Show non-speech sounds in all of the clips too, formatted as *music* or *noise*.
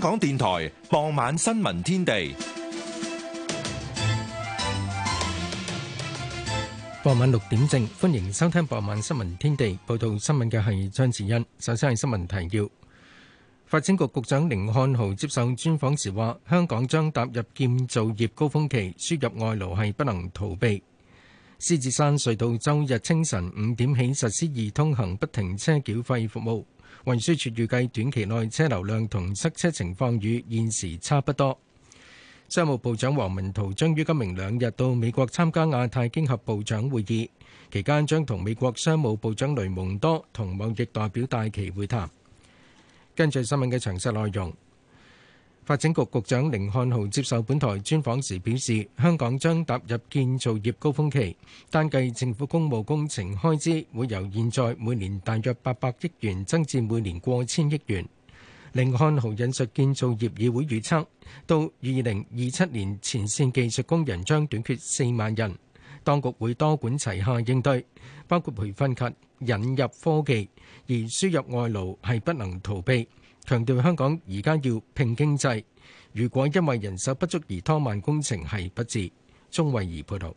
香港電台傍晚新聞天地。傍晚六點正，歡迎收聽傍晚新聞天地。報道新聞嘅係張智欣。首先係新聞提要。發展局局長甯漢豪接受專訪時話，香港將踏入建造業高峰期，輸入外勞係不能逃避。獅子山隧道周日清晨五點起實施易通行不停車繳費服務。運輸署預計短期內車流量同塞車情況與現時差不多。商務部長黃文濤將於今明兩日到美國參加亞太經合部長會議，期間將同美國商務部長雷蒙多同貿易代表戴琪會談。跟住新聞嘅詳細內容。發展局局長凌漢豪接受本台專訪時表示，香港將踏入建造業高峰期，單計政府公務工程開支，會由現在每年大約八百億元增至每年過千億元。凌漢豪引述建造業議會預測，到二零二七年，前線技術工人將短缺四萬人，當局會多管齊下應對，包括培訓及引入科技，而輸入外勞係不能逃避。強調香港而家要拼經濟，如果因為人手不足而拖慢工程係不智。鍾慧儀報導，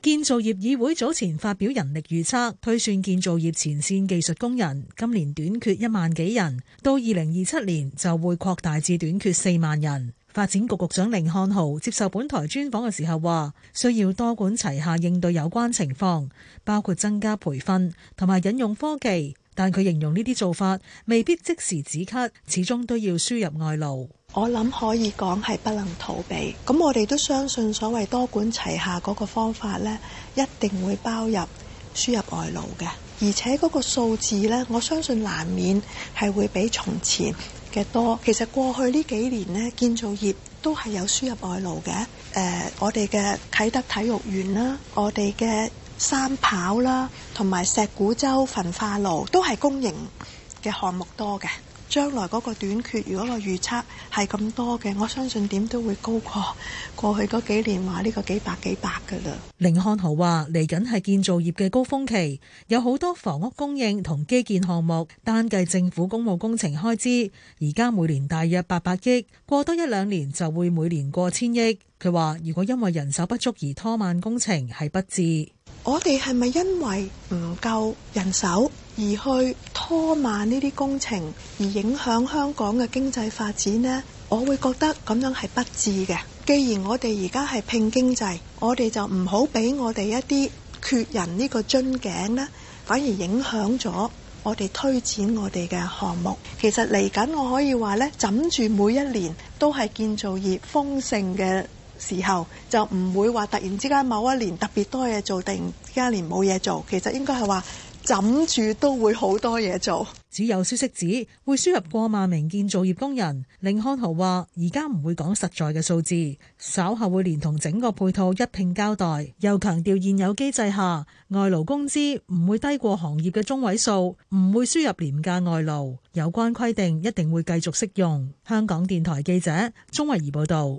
建造業議會早前發表人力預測，推算建造業前線技術工人今年短缺一萬幾人，到二零二七年就會擴大至短缺四萬人。發展局局長甯漢豪接受本台專訪嘅時候話，需要多管齊下應對有關情況，包括增加培訓同埋引用科技。但佢形容呢啲做法未必即時止咳，始終都要輸入外勞，我諗可以講，係不能逃避。咁我哋都相信所謂多管齊下嗰個方法咧，一定會包入輸入外勞嘅，而且嗰個數字咧，我相信難免係會比從前嘅多。其實過去呢幾年咧，建造業都係有輸入外勞嘅。誒、呃，我哋嘅啟德體育園啦，我哋嘅。三跑啦，同埋石鼓洲焚化爐都係公營嘅項目多嘅。將來嗰個短缺，如果個預測係咁多嘅，我相信點都會高過過去嗰幾年話呢個幾百幾百噶啦。凌漢豪話：嚟緊係建造業嘅高峰期，有好多房屋供應同基建項目。單計政府公務工程開支，而家每年大約八百億，過多一兩年就會每年過千億，佢話如果因為人手不足而拖慢工程，係不智。我哋係咪因為唔夠人手而去拖慢呢啲工程，而影響香港嘅經濟發展呢？我會覺得咁樣係不智嘅。既然我哋而家係拼經濟，我哋就唔好俾我哋一啲缺人呢個樽頸咧，反而影響咗我哋推展我哋嘅項目。其實嚟緊，我可以話呢，枕住每一年都係建造業豐盛嘅。時候就唔會話突然之間某一年特別多嘢做，定，而家年冇嘢做。其實應該，係話枕住都會好多嘢做。只有消息指會輸入過萬名建造業工人。令寧漢豪話而家唔會講實在嘅數字，稍後會連同整個配套一併交代。又強調現有機制下外勞工資唔會低過行業嘅中位數，唔會輸入廉價外勞有關規定一定會繼續適用。香港電台記者鍾慧儀報道。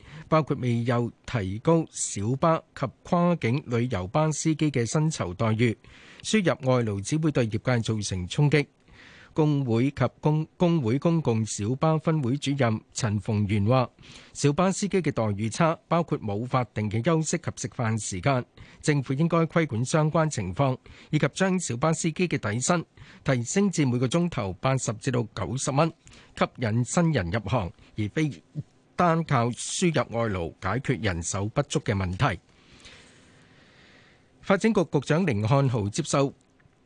包括未有提高小巴及跨境旅遊巴司機嘅薪酬待遇，輸入外勞只會對業界造成衝擊。工會及工工會公共小巴分會主任陳逢源話：小巴司機嘅待遇差，包括冇法定嘅休息及食飯時間。政府應該規管相關情況，以及將小巴司機嘅底薪提升至每個鐘頭八十至到九十蚊，吸引新人入行，而非，單靠輸入外勞解決人手不足嘅問題。發展局局長甯漢豪接受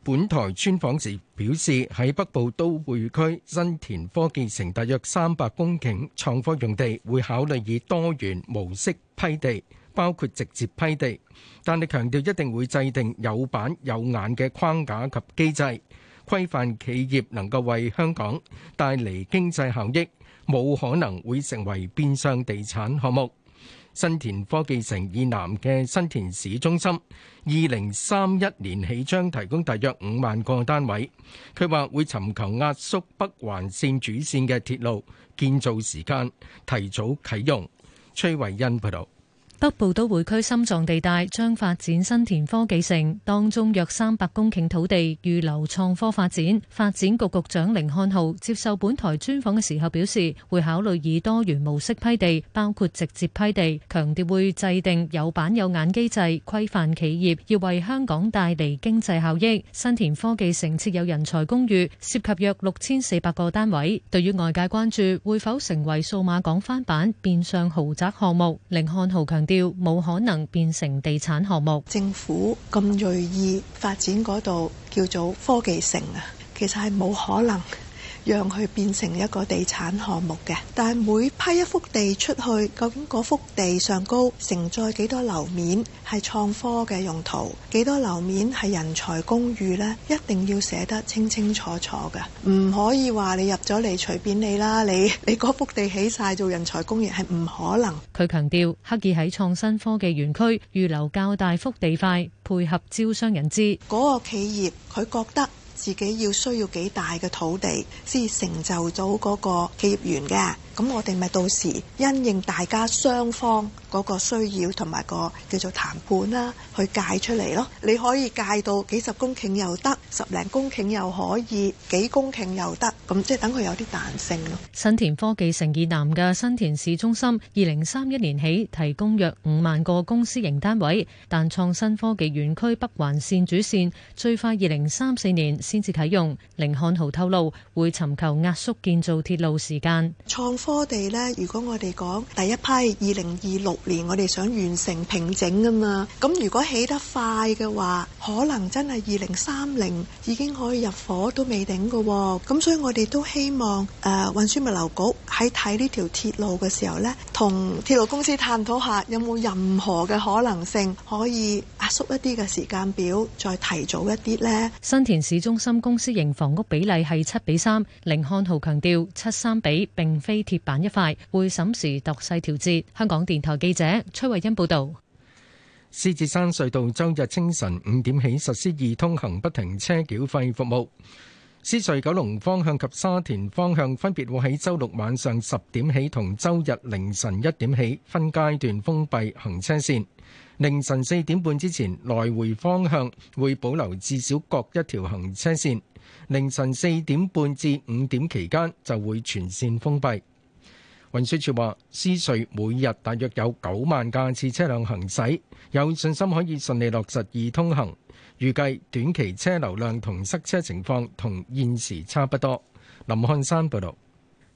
本台專訪時表示，喺北部都會區新田科技城大約三百公頃創科用地，會考慮以多元模式批地，包括直接批地。但係強調一定會制定有板有眼嘅框架及機制，規範企業能夠為香港帶嚟經濟效益。冇可能會成為變相地產項目。新田科技城以南嘅新田市中心，二零三一年起將提供大約五萬個單位。佢話會尋求壓縮北環線主線嘅鐵路建造時間，提早啟用。崔惠恩報導。北部都會區心臟地帶將發展新田科技城，當中約三百公頃土地預留創科發展。發展局局長凌漢豪接受本台專訪嘅時候表示，會考慮以多元模式批地，包括直接批地，強調會制定有板有眼機制，規範企業要為香港帶嚟經濟效益。新田科技城設有人才公寓，涉及約六千四百個單位。對於外界關注會否成為數碼港翻版,版、變相豪宅項目，凌漢豪強調。冇可能變成地產項目。政府咁銳意發展嗰度叫做科技城啊，其實係冇可能。讓佢變成一個地產項目嘅，但係每批一幅地出去，究竟嗰幅地上高承載幾多樓面？係創科嘅用途，幾多樓面係人才公寓呢？一定要寫得清清楚楚嘅，唔可以話你入咗嚟隨便你啦！你你嗰幅地起晒做人才公寓係唔可能。佢強調，刻意喺創新科技園區預留較大幅地塊，配合招商引資。嗰個企業佢覺得。自己要需要幾大嘅土地先成就到嗰個企業園嘅。咁我哋咪到時因應大家雙方嗰個需要同埋個叫做談判啦，去界出嚟咯。你可以界到幾十公頃又得，十零公頃又可以，幾公頃又得。咁即係等佢有啲彈性咯。新田科技城以南嘅新田市中心，二零三一年起提供約五萬個公私營單位，但創新科技園區北環線主線最快二零三四年先至啟用。甯漢豪透露會尋求壓縮建造鐵路時間。創科地呢，如果我哋講第一批二零二六年，我哋想完成平整啊嘛。咁如果起得快嘅話，可能真係二零三零已經可以入伙都未定噶、哦。咁所以我哋都希望誒運輸物流局喺睇呢條鐵路嘅時候咧，同鐵路公司探討下有冇任何嘅可能性可以壓縮一啲嘅時間表，再提早一啲咧。新田市中心公私營房屋比例係七比三，甯漢豪強調七三比並非。鐵板一塊，會審時度勢調節。香港電台記者崔慧欣報道：獅子山隧道周日清晨五點起實施易通行不停車繳費服務。獅隧九龍方向及沙田方向分別會喺周六晚上十點起同周日凌晨一點起分階段封閉行車線。凌晨四點半之前，來回方向會保留至少各一條行車線。凌晨四點半至五點期間就會全線封閉。運輸署話，獅隧每日大約有九萬架次車輛行駛，有信心可以順利落實易通行，預計短期車流量同塞車情況同現時差不多。林漢山報道。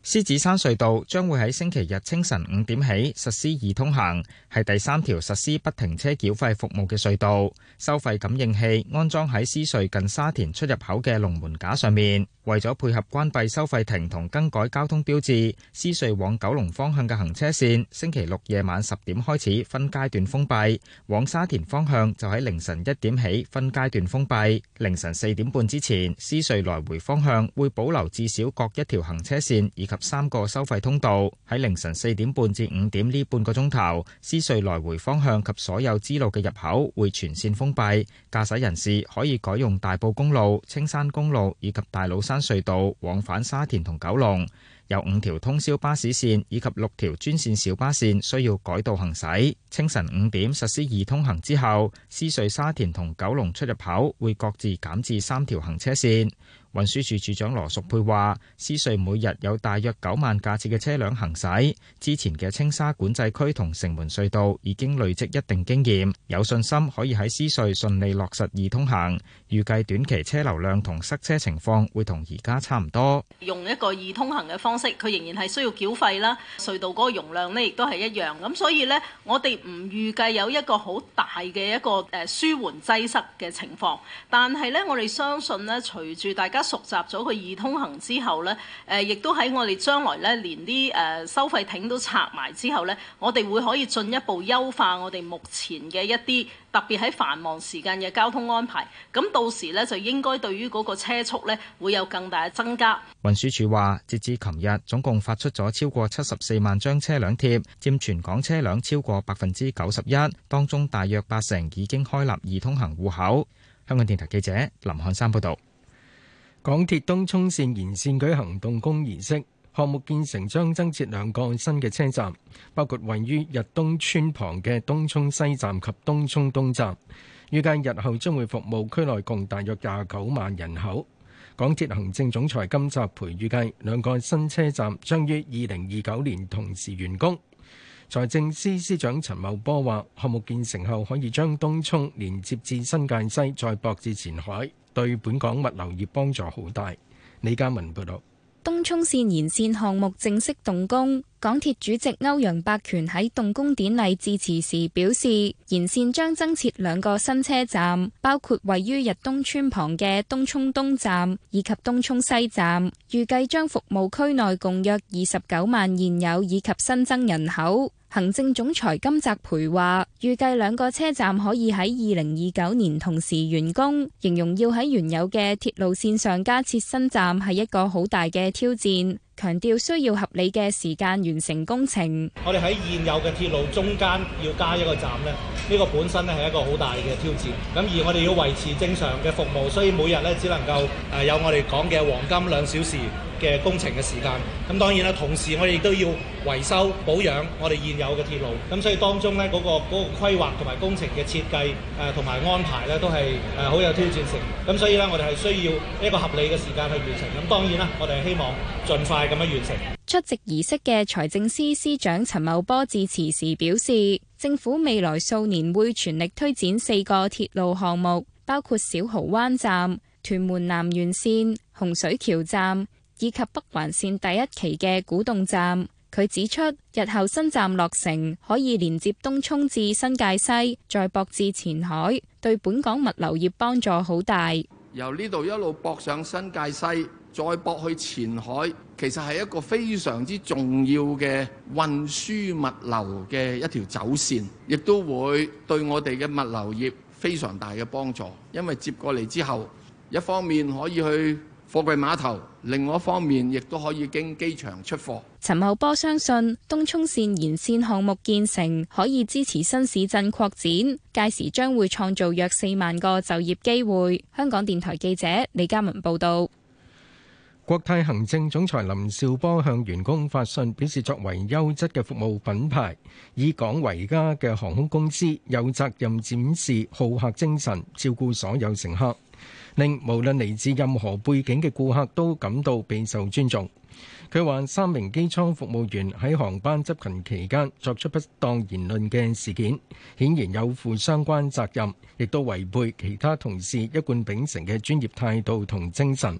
獅子山隧道將會喺星期日清晨五點起實施易通行，係第三條實施不停車繳費服務嘅隧道。收費感應器安裝喺獅隧近沙田出入口嘅龍門架上面。為咗配合關閉收費亭同更改交通標誌，獅隧往九龍方向嘅行車線，星期六夜晚十點開始分階段封閉；往沙田方向就喺凌晨一點起分階段封閉。凌晨四點半之前，獅隧來回方向會保留至少各一條行車線及三個收費通道喺凌晨四點半至五點呢半個鐘頭，獅隧來回方向及所有支路嘅入口會全線封閉，駕駛人士可以改用大埔公路、青山公路以及大老山隧道往返沙田同九龍。有五條通宵巴士線以及六條專線小巴線需要改道行駛。清晨五點實施易通行之後，獅隧沙田同九龍出入口會各自減至三條行車線。運輸署署長羅淑佩話，獅隧每日有大約九萬架次嘅車輛行駛，之前嘅青沙管制區同城門隧道已經累積一定經驗，有信心可以喺獅隧順利落實易通行。預計短期車流量同塞車情況會同而家差唔多。用一個易通行嘅方式，佢仍然係需要繳費啦。隧道嗰個容量呢，亦都係一樣。咁所以呢，我哋唔預計有一個好大嘅一個誒舒緩擠塞嘅情況。但係呢，我哋相信呢，隨住大家熟習咗佢易通行之後呢，誒亦都喺我哋將來呢，連啲誒收費亭都拆埋之後呢，我哋會可以進一步優化我哋目前嘅一啲。特別喺繁忙時間嘅交通安排，咁到時呢，就應該對於嗰個車速呢，會有更大嘅增加。運輸署話，截至琴日，總共發出咗超過七十四萬張車輛貼，佔全港車輛超過百分之九十一，當中大約八成已經開立二通行戶口。香港電台記者林漢山報導。港鐵東涌線延線舉行動工儀式。項目建成將增設兩個新嘅車站，包括位於日東邨旁嘅東涌西站及東涌東站。預計日後將會服務區內共大約廿九萬人口。港鐵行政總裁金澤培預計兩個新車站將於二零二九年同時完工。財政司司長陳茂波話，項目建成後可以將東涌連接至新界西，再駁至前海，對本港物流業幫助好大。李嘉文報道。東涌線延線項目正式動工，港鐵主席歐陽伯權喺動工典禮致辭時表示，延線將增設兩個新車站，包括位於日東村旁嘅東涌東站以及東涌西站，預計將服務區內共約二十九萬現有以及新增人口。行政總裁金澤培話：預計兩個車站可以喺二零二九年同時完工，形容要喺原有嘅鐵路線上加設新站係一個好大嘅挑戰。強調需要合理嘅時間完成工程。我哋喺現有嘅鐵路中間要加一個站咧，呢個本身咧係一個好大嘅挑戰。咁而我哋要維持正常嘅服務，所以每日咧只能夠誒有我哋講嘅黃金兩小時嘅工程嘅時間。咁當然啦，同時我哋亦都要維修保養我哋現有嘅鐵路。咁所以當中咧嗰個嗰個規劃同埋工程嘅設計誒同埋安排咧都係誒好有挑戰性。咁所以咧我哋係需要一個合理嘅時間去完成。咁當然啦，我哋係希望盡快。出席儀式嘅財政司司長陳茂波致辭時表示，政府未來數年會全力推展四個鐵路項目，包括小蠔灣站、屯門南延綫、洪水橋站以及北環線第一期嘅古洞站。佢指出，日後新站落成可以連接東涌至新界西，再駁至前海，對本港物流業幫助好大。由呢度一路駁上新界西。再駁去前海，其實，係一個非常之重要嘅運輸物流嘅一條走綫，亦都會對我哋嘅物流業非常大嘅幫助。因為接過嚟之後，一方面可以去貨櫃碼頭，另外一方面亦都可以經機場出貨。陳茂波相信東涌綫延線項目建成可以支持新市鎮擴展，屆時將會創造約四萬個就業機會。香港電台記者李嘉文報道。國泰行政總裁林紹波向員工發信表示，作為優質的服務品牌，以港為家的航空公司有責任展示好客精神，照顧所有乘客，令無論來自任何背景的顧客都感到備受尊重。他說三名機艙服務員在航班執勤期間作出不當言論的事件，顯然有負相關責任，亦都違背其他同事一貫秉承的專業態度和精神。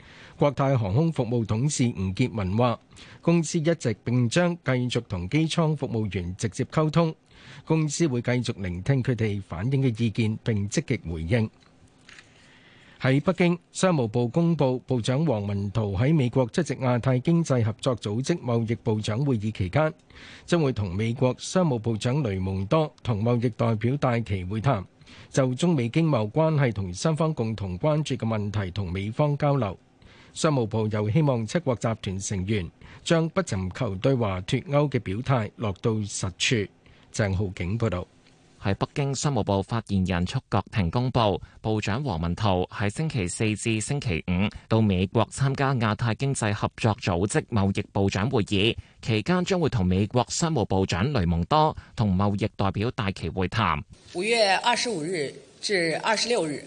國泰航空服務董事吳潔文話：公司一直並將繼續同機艙服務員直接溝通，公司會繼續聆聽佢哋反映嘅意見，並積極回應。喺北京，商務部公布部長王文濤喺美國出席亞太經濟合作組織貿易部長會議期間，將會同美國商務部長雷蒙多同貿易代表戴琪會談，就中美經貿關係同雙方共同關注嘅問題同美方交流。商務部又希望七國集團成員將不尋求對華脫歐嘅表態落到實處。鄭浩景報道，喺北京，商務部發言人束國婷公布，部長王文濤喺星期四至星期五到美國參加亞太經濟合作組織貿易部長會議，期間將會同美國商務部長雷蒙多同貿易代表戴琪會談。五月二十五日至二十六日，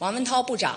王文濤部長，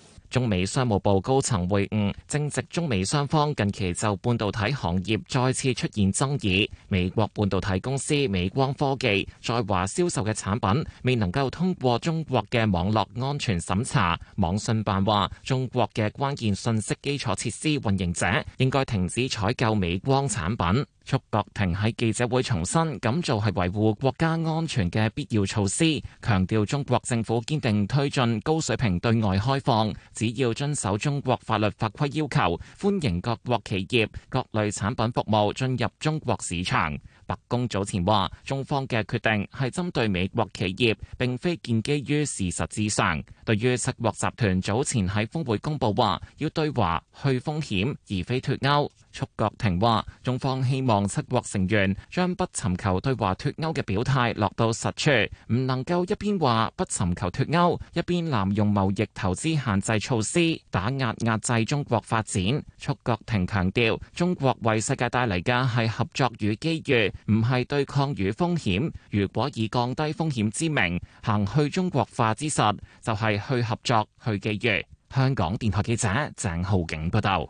中美商務部高層會晤，正值中美雙方近期就半導體行業再次出現爭議，美國半導體公司美光科技在華銷售嘅產品未能夠通過中國嘅網絡安全審查，網信辦話中國嘅關鍵信息基礎設施運營者應該停止採購美光產品。束國庭喺記者會重申，咁做係維護國家安全嘅必要措施，強調中國政府堅定推進高水平對外開放，只要遵守中國法律法規要求，歡迎各國企業各類產品服務進入中國市場。白宮早前話，中方嘅決定係針對美國企業，並非建基於事實之上。對於七國集團早前喺峰會公佈話要對華去風險，而非脫鉤。束國廷話：中方希望七國成員將不尋求對華脫歐嘅表態落到實處，唔能夠一邊話不尋求脫歐，一邊濫用貿易投資限制措施打壓壓制中國發展。束國廷強調：中國為世界帶嚟嘅係合作與機遇，唔係對抗與風險。如果以降低風險之名行去中國化之實，就係去合作去機遇。香港電台記者鄭浩景報道。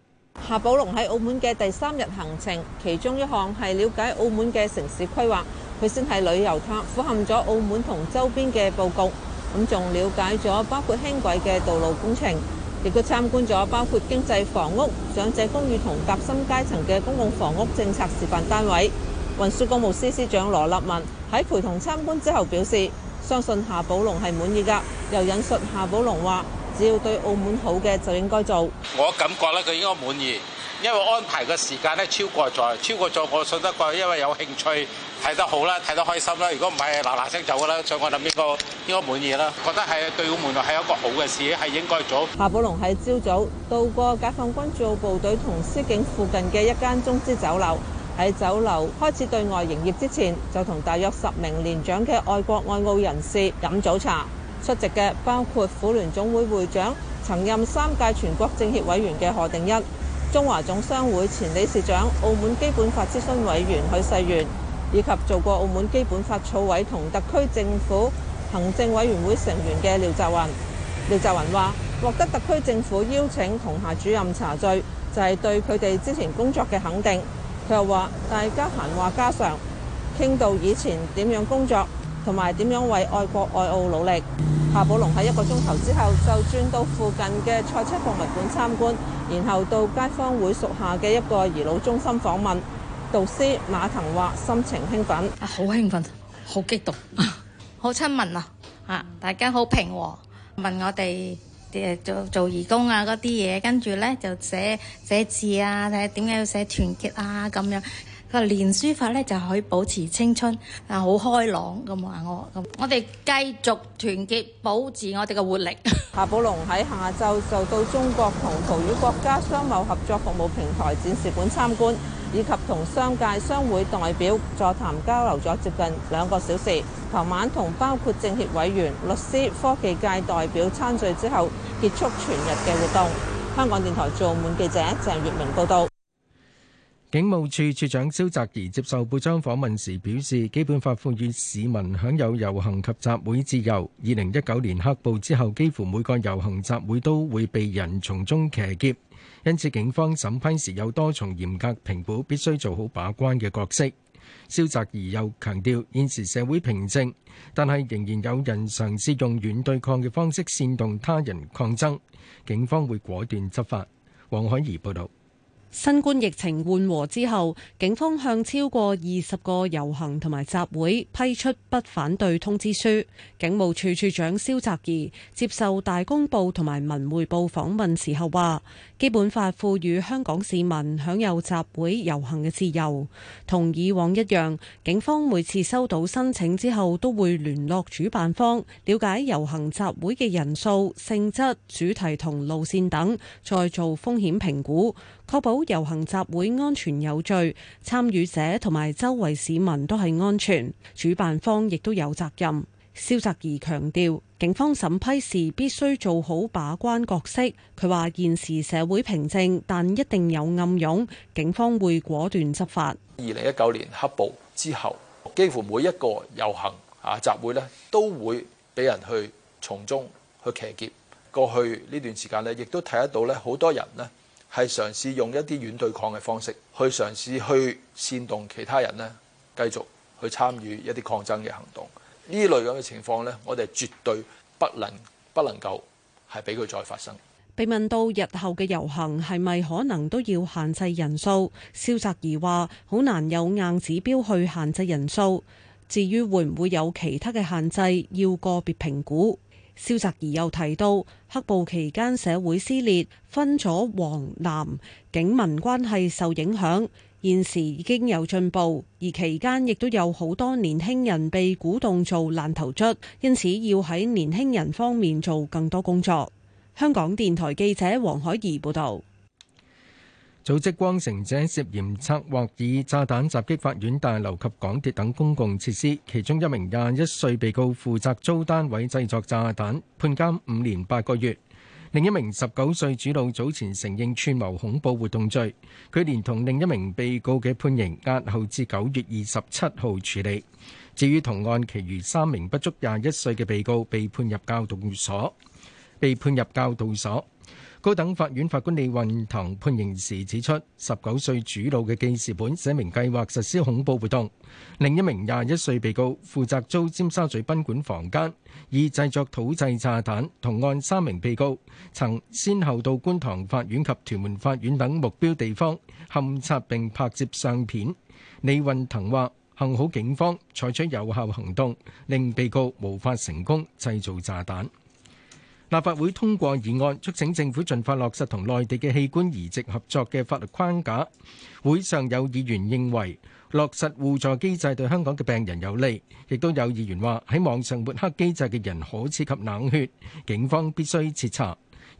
夏寶龍喺澳門嘅第三日行程，其中一項係了解澳門嘅城市規劃，佢先係旅遊塔，俯瞰咗澳門同周邊嘅佈局，咁仲了解咗包括輕軌嘅道路工程，亦都參觀咗包括經濟房屋、長者公寓同夾心階層嘅公共房屋政策示範單位。運輸工務司司長羅立文喺陪同參觀之後表示，相信夏寶龍係滿意噶。又引述夏寶龍話。只要對澳門好嘅就應該做。我感覺咧，佢應該滿意，因為安排嘅時間咧超過咗，超過咗我信得過，因為有興趣睇得好啦，睇得開心啦。如果唔係嗱嗱聲走啦，所以我諗呢個應該滿意啦，覺得係對澳門係一個好嘅事，係應該做。夏寶龍喺朝早到過解放軍駐澳部隊同司警附近嘅一間中資酒樓，喺酒樓開始對外營業之前，就同大約十名年長嘅愛國愛澳人士飲早茶。出席嘅包括婦聯總會會長、曾任三屆全國政協委員嘅賀定一、中華總商會前理事長、澳門基本法諮詢委員許世元，以及做過澳門基本法草委同特區政府行政委員會成員嘅廖澤雲。廖澤雲話：獲得特區政府邀請同下主任茶敘就係、是、對佢哋之前工作嘅肯定。佢又話：大家閒話家常，傾到以前點樣工作。同埋點樣為愛國愛澳努力。夏寶龍喺一個鐘頭之後就轉到附近嘅賽車博物館參觀，然後到街坊會屬下嘅一個頤老中心訪問導師，馬騰話心情興奮，啊，好興奮，好激動， *laughs* 好親民啊！嚇、啊、大家好平和，問我哋做做義工啊嗰啲嘢，跟住呢，就寫寫字啊，睇下點解要寫團結啊咁樣。佢話練書法咧就可以保持青春，啊好開朗咁話我咁。我哋繼續團結，保持我哋嘅活力。夏寶龍喺下晝就到中國同葡語國家商貿合作服務平台展示館參觀，以及同商界、商會代表座談交流咗接近兩個小時。傍晚同包括政協委員、律師、科技界代表參聚之後，結束全日嘅活動。香港電台駐澳門記者鄭月明報道。警務處處長蕭澤頤接受報章訪問時表示，基本法賦予市民享有遊行及集會自由。二零一九年黑暴之後，幾乎每個遊行集會都會被人從中騎劫，因此警方審批時有多重嚴格評估，必須做好把關嘅角色。蕭澤頤又強調，現時社會平靜，但係仍然有人嘗試用軟對抗嘅方式煽動他人抗爭，警方會果斷執法。黃海怡報道。新冠疫情緩和之後，警方向超過二十個遊行同埋集會批出不反對通知書。警務處處長蕭澤頤接受大公報同埋文匯報訪問時候話，基本法賦予香港市民享有集會遊行嘅自由。同以往一樣，警方每次收到申請之後，都會聯絡主辦方，了解遊行集會嘅人數、性質、主題同路線等，再做風險評估。確保遊行集會安全有序，參與者同埋周圍市民都係安全，主辦方亦都有責任。蕭澤頤強調，警方審批時必須做好把關角色。佢話：現時社會平靜，但一定有暗湧，警方會果斷執法。二零一九年黑暴之後，幾乎每一個遊行啊集會咧都會俾人去從中去騎劫。過去呢段時間咧，亦都睇得到呢好多人咧。係嘗試用一啲軟對抗嘅方式，去嘗試去煽動其他人呢繼續去參與一啲抗爭嘅行動。呢類咁嘅情況呢，我哋絕對不能不能夠係俾佢再發生。被問到日後嘅遊行係咪可能都要限制人數，蕭澤怡話：好難有硬指標去限制人數。至於會唔會有其他嘅限制，要個別評估。蕭澤頤又提到，黑暴期間社會撕裂，分咗黃藍，警民關係受影響。現時已經有進步，而期間亦都有好多年輕人被鼓動做爛頭卒，因此要喺年輕人方面做更多工作。香港電台記者黃海怡報導。組織光城者涉嫌策劃以炸彈襲擊法院大樓及港鐵等公共設施，其中一名廿一歲被告負責租單位製作炸彈，判監五年八個月；另一名十九歲主腦早前承認串謀恐怖活動罪，佢連同另一名被告嘅判刑押後至九月二十七號處理。至於同案其餘三名不足廿一歲嘅被告，被判入教導所。被判入教導所。高等法院法官李運騰判，判刑時指出，十九歲主腦嘅記事本寫明計劃實施恐怖活動。另一名廿一歲被告負責租尖沙咀賓館房間，以製作土製炸彈。同案三名被告曾先後到觀塘法院及屯門法院等目標地方，勘察並拍攝相片。李運騰話：幸好警方採取有效行動，令被告無法成功製造炸彈。立法會通過議案，促請政府盡快落實同內地嘅器官移植合作嘅法律框架。會上有議員認為落實互助機制對香港嘅病人有利，亦都有議員話喺網上抹黑機制嘅人可涉及冷血，警方必須徹查。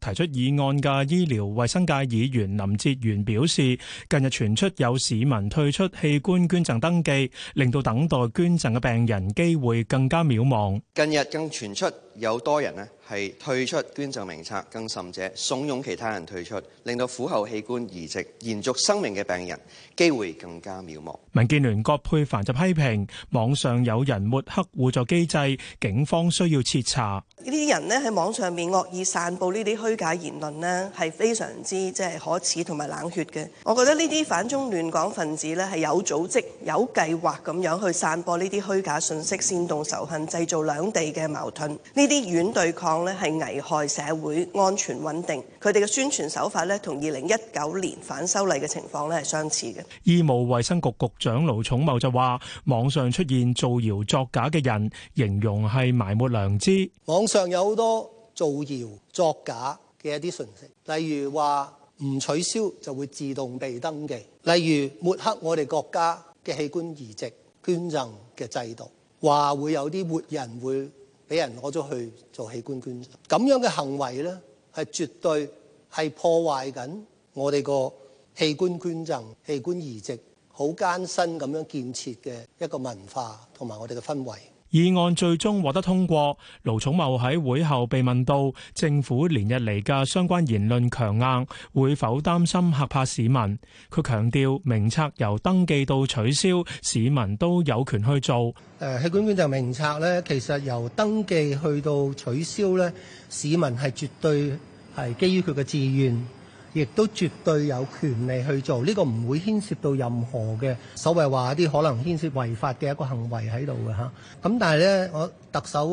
提出議案嘅醫療衛生界議員林哲元表示，近日傳出有市民退出器官捐贈登記，令到等待捐贈嘅病人機會更加渺茫。近日更傳出有多人咧係退出捐贈名冊，更甚者慫恿其他人退出，令到苦候器官移植延續生命嘅病人機會更加渺茫。民建聯郭佩凡就批評網上有人抹黑互助機制，警方需要徹查。呢啲人呢喺網上面惡意散佈呢啲虛假言論呢，係非常之即係可恥同埋冷血嘅。我覺得呢啲反中亂港分子呢，係有組織、有計劃咁樣去散播呢啲虛假信息，煽動仇恨，製造兩地嘅矛盾。呢啲軟對抗呢，係危害社會安全穩定。佢哋嘅宣傳手法呢，同二零一九年反修例嘅情況呢，係相似嘅。醫務衛生局局長盧寵茂就話：網上出現造謠作假嘅人，形容係埋沒良知。上有好多造謠作假嘅一啲信息，例如話唔取消就會自動被登記，例如抹黑我哋國家嘅器官移植捐贈嘅制度，話會有啲活人會俾人攞咗去做器官捐贈。咁樣嘅行為咧，係絕對係破壞緊我哋個器官捐贈、器官移植好艱辛咁樣建設嘅一個文化同埋我哋嘅氛圍。議案最終獲得通過。盧寵茂喺會後被問到，政府連日嚟嘅相關言論強硬，會否擔心吓怕市民？佢強調，名冊由登記到取消，市民都有權去做。誒、啊，器官管就名冊咧，其實由登記去到取消咧，市民係絕對係基於佢嘅自願。亦都絕對有權利去做，呢個唔會牽涉到任何嘅所謂話一啲可能牽涉違法嘅一個行為喺度嘅嚇。咁但係呢，我特首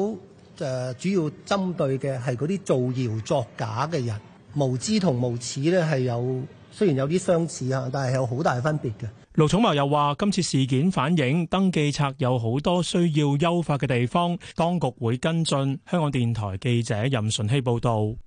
誒主要針對嘅係嗰啲造謠作假嘅人，無知同無恥呢係有雖然有啲相似嚇，但係有好大分別嘅。盧寵茂又話：今次事件反映登記冊有好多需要優化嘅地方，當局會跟進。香港電台記者任順熙報導。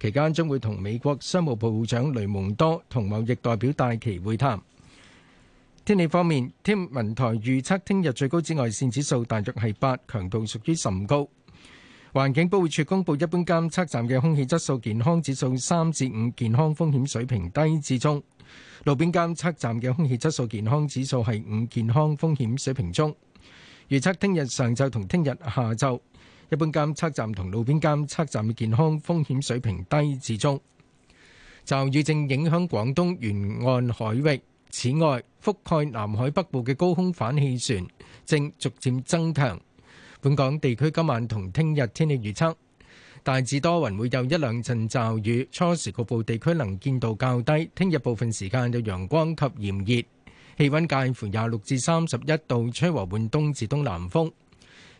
期間將會同美國商務部長雷蒙多同貿易代表戴琪會談。天氣方面，天文台預測聽日最高紫外線指數大約係八，強度屬於甚高。環境保護署公布一般監測站嘅空氣質素健康指數三至五，健康風險水平低至中。路邊監測站嘅空氣質素健康指數係五，健康風險水平中。預測聽日上晝同聽日下晝。一般監測站同路邊監測站嘅健康風險水平低至中。驟雨正影響廣東沿岸海域，此外覆蓋南海北部嘅高空反氣旋正逐漸增強。本港地區今晚同聽日天氣預測，大致多雲，會有一兩陣驟雨，初時局部地區能見度較低。聽日部分時間有陽光及炎熱，氣溫介乎廿六至三十一度，吹和緩東至東南風。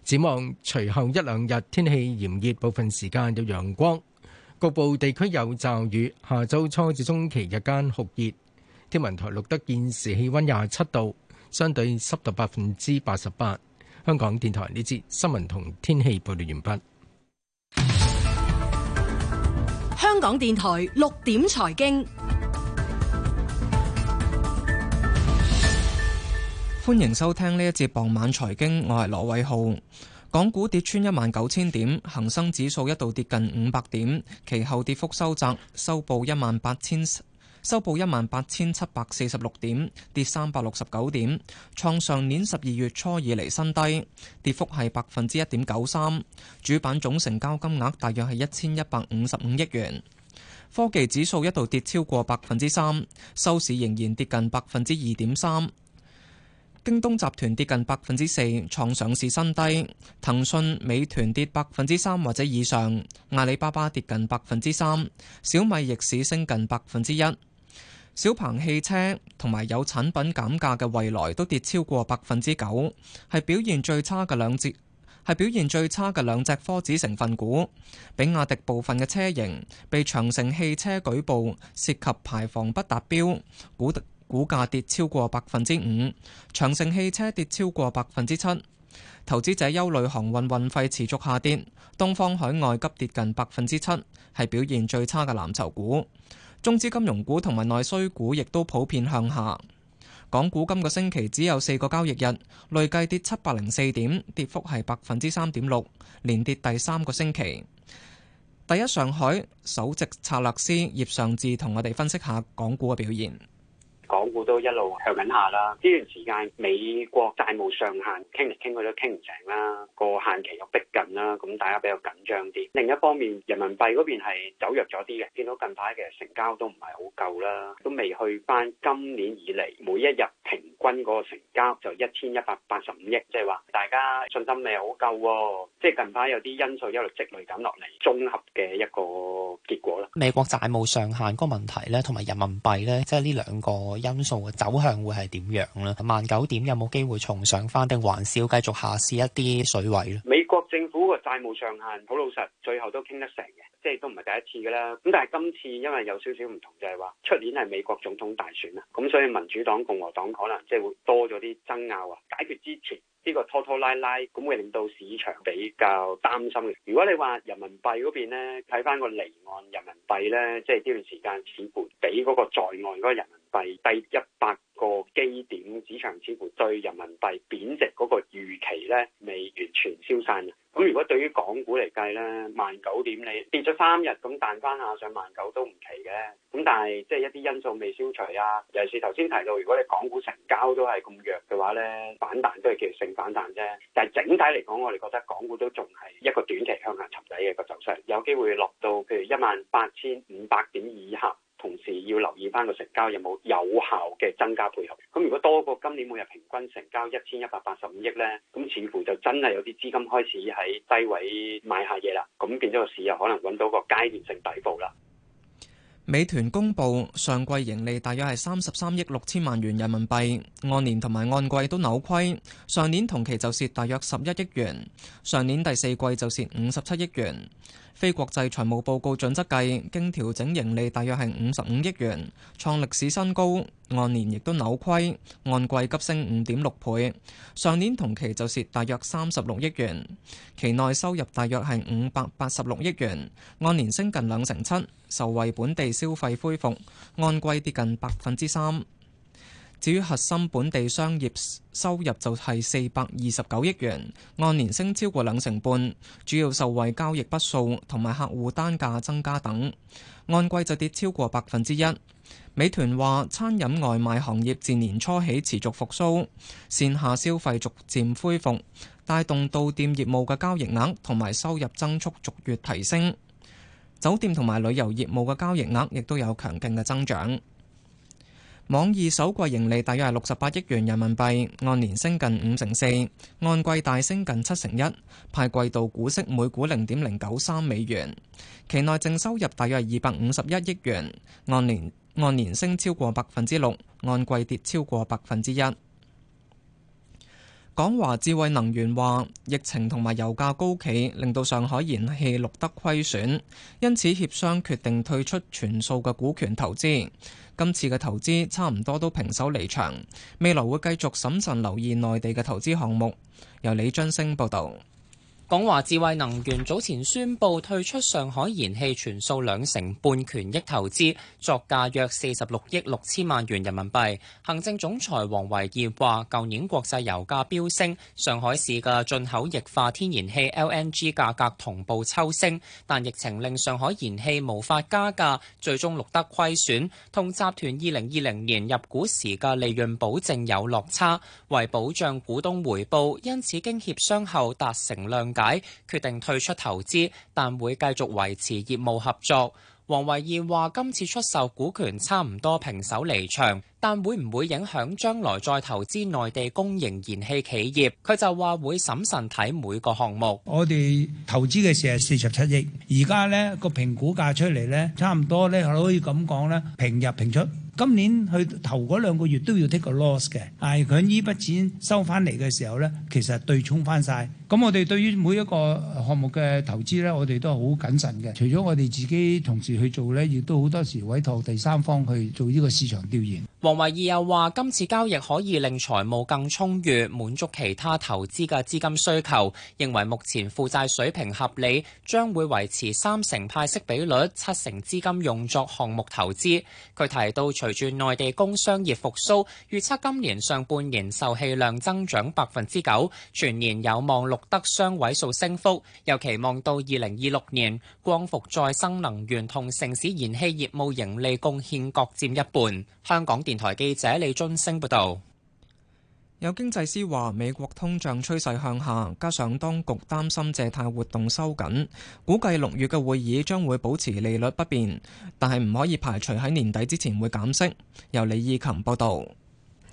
展望隨後一兩日天氣炎熱，部分時間有陽光，局部地區有驟雨。下周初至中期日間酷熱，天文台錄得現時氣温廿七度，相對濕度百分之八十八。香港電台呢節新聞同天氣報道完畢。香港電台六點財經。歡迎收聽呢一節傍晚財經，我係羅偉浩。港股跌穿一萬九千點，恒生指數一度跌近五百點，其後跌幅收窄，收報一萬八千，收報一萬八千七百四十六點，跌三百六十九點，創上年十二月初以嚟新低，跌幅係百分之一點九三。主板總成交金額大約係一千一百五十五億元。科技指數一度跌超過百分之三，收市仍然跌近百分之二點三。京東集團跌近百分之四，創上市新低；騰訊、美團跌百分之三或者以上；阿里巴巴跌近百分之三；小米逆市升近百分之一；小鵬汽車同埋有產品減價嘅蔚來都跌超過百分之九，係表現最差嘅兩隻係表現最差嘅兩隻科指成分股。比亞迪部分嘅車型被長城汽車舉報涉及排放不達標，股。股價跌超過百分之五，長城汽車跌超過百分之七。投資者憂慮航運運費持續下跌，東方海外急跌近百分之七，係表現最差嘅藍籌股。中資金融股同埋內需股亦都普遍向下。港股今個星期只有四個交易日，累計跌七百零四點，跌幅係百分之三點六，連跌第三個星期。第一上海首席策略師葉尚志同我哋分析下港股嘅表現。港股都一路向緊下啦，呢段時間美國債務上限傾嚟傾去都傾唔成啦，個限期又逼近啦，咁大家比較緊張啲。另一方面，人民幣嗰邊係走弱咗啲嘅，見到近排其實成交都唔係好夠啦，都未去翻今年以嚟每一日平均嗰個成交就一千一百八十五億，即係話大家信心未好夠喎，即係近排有啲因素一路積累緊落嚟，綜合嘅一個結果啦。美國債務上限嗰個問題咧，同埋人民幣咧，即係呢兩個。因素嘅走向會係點樣咧？萬九點有冇機會重上翻，定還是要繼續下試一啲水位咧？美國政府個債務上限好老實，最後都傾得成嘅。即係都唔係第一次㗎啦，咁但係今次因為有少少唔同就，就係話出年係美國總統大選啊，咁所以民主黨共和黨可能即係會多咗啲爭拗啊，解決之前呢個拖拖拉拉，咁會令到市場比較擔心嘅。如果你話人民幣嗰邊咧，睇翻個離岸人民幣咧，即係呢段時間似乎比嗰個在岸嗰人民幣低一百個基點，市場似乎對人民幣貶值嗰個預期咧未完全消散啊。咁如果對於港股嚟計呢，萬九點你跌咗三日，咁彈翻下上萬九都唔奇嘅。咁但係即係一啲因素未消除啊。尤其是頭先提到，如果你港股成交都係咁弱嘅話呢，反彈都係叫性反彈啫。但係整體嚟講，我哋覺得港股都仲係一個短期向下尋底嘅個走勢，有機會落到譬如一萬八千五百點以下。同時要留意翻個成交有冇有，有效嘅增加配合，咁如果多過今年每日平均成交一千一百八十五億呢，咁似乎就真係有啲資金開始喺低位買下嘢啦，咁變咗個市又可能揾到個階段性底部啦。美團公布上季盈利大約係三十三億六千萬元人民幣，按年同埋按季都扭虧，上年同期就蝕大約十一億元，上年第四季就蝕五十七億元。非國際財務報告準則計，經調整盈利大約係五十五億元，創歷史新高。按年亦都扭虧，按季急升五點六倍。上年同期就蝕大約三十六億元。期內收入大約係五百八十六億元，按年升近兩成七，受惠本地消費恢復。按季跌近百分之三。至於核心本地商業收入就係四百二十九億元，按年升超過兩成半，主要受惠交易筆數同埋客戶單價增加等。按季就跌超過百分之一。美團話，餐飲外賣行業自年初起持續復甦，線下消費逐漸恢復，帶動到店業務嘅交易額同埋收入增速逐月提升。酒店同埋旅遊業務嘅交易額亦都有強勁嘅增長。網易首季盈利大約係六十八億元人民幣，按年升近五成四，按季大升近七成一，派季度股息每股零點零九三美元，期內淨收入大約係二百五十一億元，按年按年升超過百分之六，按季跌超過百分之一。港華智慧能源話，疫情同埋油價高企，令到上海燃氣錄得虧損，因此協商決定退出全數嘅股權投資。今次嘅投資差唔多都平手離場，未來會繼續審慎留意內地嘅投資項目。由李津升報道。港華智慧能源早前宣布退出上海燃氣全數兩成半權益投資，作價約四十六億六千萬元人民幣。行政總裁黃維義話：舊年國際油價飆升，上海市嘅進口液化天然氣 （LNG） 價格同步抽升，但疫情令上海燃氣無法加價，最終錄得虧損，同集團二零二零年入股時嘅利潤保證有落差。為保障股東回報，因此經協商後達成量。解決定退出投資，但會繼續維持業務合作。王維燕話：今次出售股權差唔多平手離場。但會唔會影響將來再投資內地公營燃氣企業，佢就話會審慎睇每個項目。我哋投資嘅時係四十七億，而家咧個評估價出嚟咧，差唔多咧可以咁講咧，平入平出。今年頭嗰兩個月都要 take a loss 嘅，係佢呢筆錢收翻嚟嘅時候咧，其實對沖翻晒。咁我哋對於每一個項目嘅投資咧，我哋都係好謹慎嘅。除咗我哋自己同事去做咧，亦都好多時委託第三方去做呢個市場調研。同埋二又話：今次交易可以令財務更充裕，滿足其他投資嘅資金需求。認為目前負債水平合理，將會維持三成派息比率，七成資金用作項目投資。佢提到，隨住內地工商業復蘇，預測今年上半年售氣量增長百分之九，全年有望錄得雙位數升幅。又期望到二零二六年，光伏再生能源同城市燃氣業務盈利貢獻各佔一半。香港電台記者李俊升報道，有經濟師話，美國通脹趨勢向下，加上當局擔心借貸活動收緊，估計六月嘅會議將會保持利率不變，但係唔可以排除喺年底之前會減息。由李義琴報道，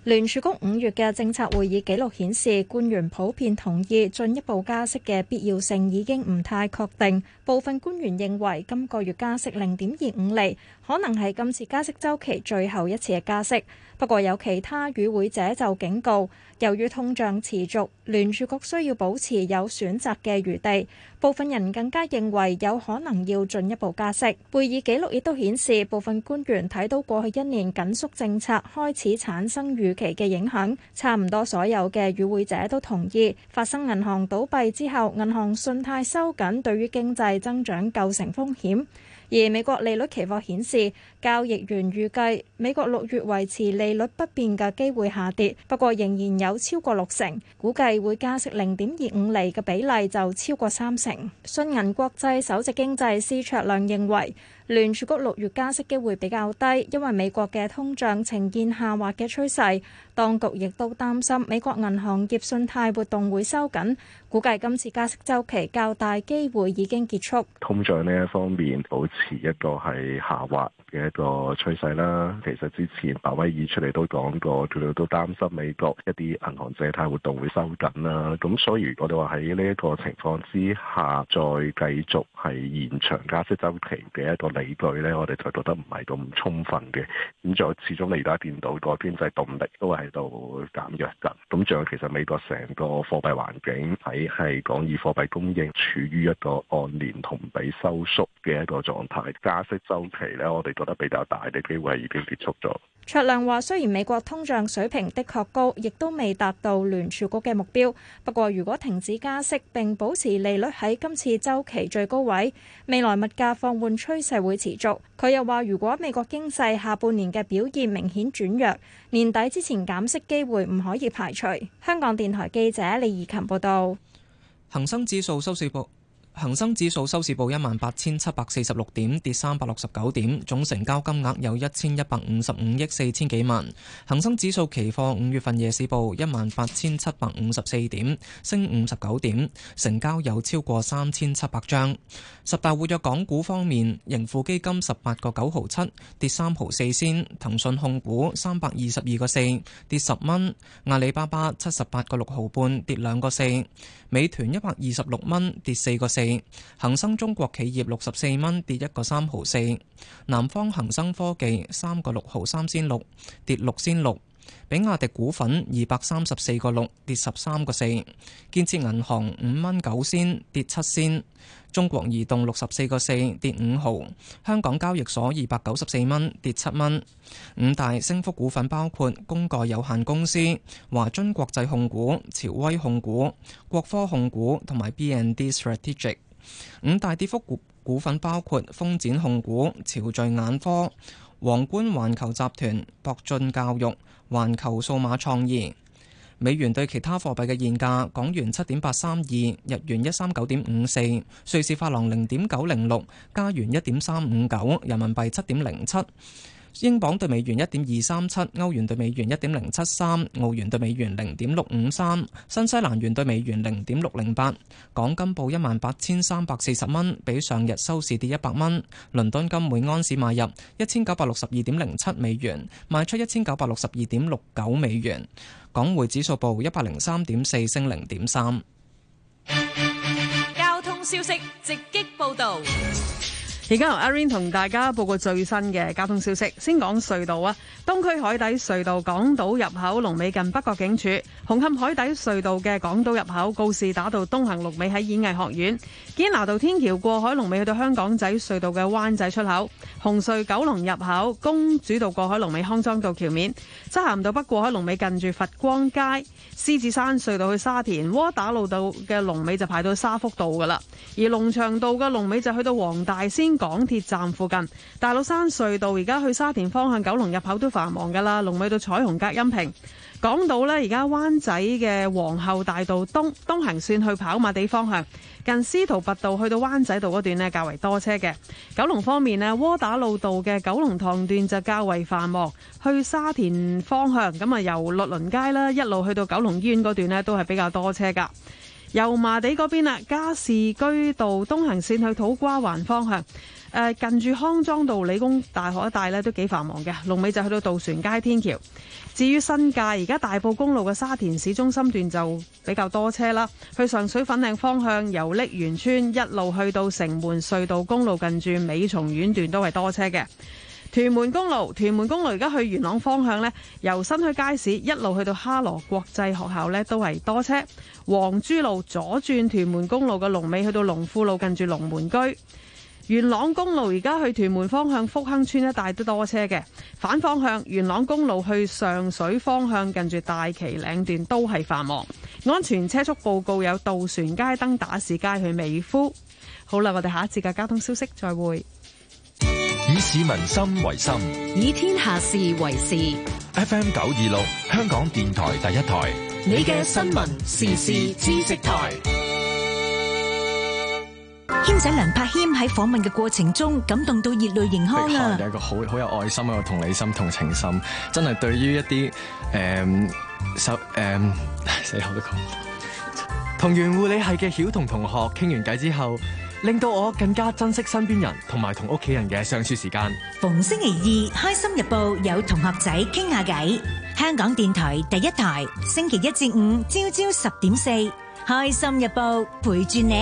聯儲局五月嘅政策會議記錄顯示，官員普遍同意進一步加息嘅必要性已經唔太確定，部分官員認為今個月加息零點二五厘。可能係今次加息週期最後一次嘅加息，不過有其他與會者就警告，由於通脹持續，聯儲局需要保持有選擇嘅餘地。部分人更加認為有可能要進一步加息。會議記錄亦都顯示，部分官員睇到過去一年緊縮政策開始產生預期嘅影響。差唔多所有嘅與會者都同意，發生銀行倒閉之後，銀行信貸收緊對於經濟增長構成風險。而美國利率期貨顯示，交易員預計美國六月維持利率不變嘅機會下跌，不過仍然有超過六成，估計會加息零點二五厘嘅比例就超過三成。信銀國際首席經濟師卓亮認為。聯儲局六月加息機會比較低，因為美國嘅通脹呈現下滑嘅趨勢，當局亦都擔心美國銀行業信貸活動會收緊，估計今次加息週期較大機會已經結束。通脹呢一方面保持一個係下滑嘅一個趨勢啦，其實之前鮑威爾出嚟都講過，佢哋都擔心美國一啲銀行借貸活動會收緊啦。咁所以，我哋話喺呢一個情況之下，再繼續係延長加息周期嘅一個理據咧，我哋就覺得唔係咁充分嘅。咁就始終你，你而家見到個經濟動力都喺度減弱緊。咁仲有其實美國成個貨幣環境喺係講以貨幣供應處於一個按年同比收縮嘅一個狀態，加息周期咧，我哋。覺得比較大的機會已經結束咗。卓亮話：雖然美國通脹水平的確高，亦都未達到聯儲局嘅目標。不過，如果停止加息並保持利率喺今次週期最高位，未來物價放緩趨勢會持續。佢又話：如果美國經濟下半年嘅表現明顯轉弱，年底之前減息機會唔可以排除。香港電台記者李怡琴報道。恒生指數收市報恒生指數收市報一萬八千七百四十六點，跌三百六十九點，總成交金額有一千一百五十五億四千幾萬。恒生指數期貨五月份夜市報一萬八千七百五十四點，升五十九點，成交有超過三千七百張。十大活躍港股方面，盈富基金十八個九毫七，跌三毫四仙；騰訊控股三百二十二個四，跌十蚊；阿里巴巴七十八個六毫半，跌兩個四。美團一百二十六蚊，跌四個四；恒生中國企業六十四蚊，跌一個三毫四；南方恒生科技三個六毫三仙六，跌六仙六；比亞迪股份二百三十四個六，跌十三個四；建設銀行五蚊九仙，跌七仙。中國移動六十四個四，跌五毫香港交易所二百九十四蚊，跌七蚊。五大升幅股份包括公蓋有限公司、華津國際控股、朝威控股、國科控股同埋 BND Strategic。五大跌幅股股份包括風展控股、潮聚眼科、皇冠環球集團、博進教育、環球數碼創意。美元對其他貨幣嘅現價：港元七點八三二，日元一三九點五四，瑞士法郎零點九零六，加元一點三五九，人民幣七點零七。英鎊兌美元一點二三七，歐元兌美元一點零七三，澳元兌美元零點六五三，新西蘭元兌美元零點六零八。港金報一萬八千三百四十蚊，比上日收市跌一百蚊。倫敦金每安士買入一千九百六十二點零七美元，賣出一千九百六十二點六九美元。港匯指數報一百零三點四，升零點三。交通消息直擊報道。而家由阿 rain 同大家報告最新嘅交通消息。先講隧道啊，東區海底隧道港島入口龍尾近北角警署；紅磡海底隧道嘅港島入口告士打道東行龍尾喺演藝學院；堅拿道天橋過海龍尾去到香港仔隧道嘅灣仔出口；紅隧九龍入口公主道過海龍尾康莊道橋面；西行道北過海龍尾近住佛光街；獅子山隧道去沙田窩打老道嘅龍尾就排到沙福道㗎喇；而龍翔道嘅龍尾就去到黃大仙。港鐵站附近，大老山隧道而家去沙田方向九龍入口都繁忙噶啦，龍尾到彩虹隔音屏。港島呢，而家灣仔嘅皇后大道東東行線去跑馬地方向，近司徒拔道去到灣仔道嗰段呢，較為多車嘅。九龍方面呢，窩打老道嘅九龍塘段就較為繁忙，去沙田方向咁啊，由律倫街啦一路去到九龍醫院嗰段呢都係比較多車噶。油麻地嗰邊啊，加士居道東行線去土瓜灣方向，誒、呃，近住康莊道理工大學一帶呢都幾繁忙嘅。龍尾就去到渡船街天橋。至於新界，而家大埔公路嘅沙田市中心段就比較多車啦。去上水粉嶺方向，由瀝源村一路去到城門隧道公路近住美松苑段都係多車嘅。屯門公路，屯門公路而家去元朗方向呢，由新墟街市一路去到哈羅國際學校呢，都係多車。黃珠路左轉屯門公路嘅龍尾去到龍富路，近住龍門居。元朗公路而家去屯門方向，福亨村一帶都多車嘅，反方向元朗公路去上水方向，近住大旗嶺段都係繁忙。安全車速報告有渡船街、登打士街去美孚。好啦，我哋下一次嘅交通消息再會。以市民心為心，以天下事為事。FM 九二六，香港電台第一台，你嘅新聞時事知識台。謙仔梁柏謙喺訪問嘅過程中，感動到熱淚盈眶，有佢一個好好有愛心、有同理心、同情心，真係對於一啲誒，十、嗯、誒，死口都講唔到同院護理系嘅曉彤同學傾完偈之後。令到我更加珍惜身邊人同埋同屋企人嘅相處時間。逢星期二《開心日報》有同學仔傾下偈，香港電台第一台，星期一至五朝朝十點四，《開心日報》陪住你。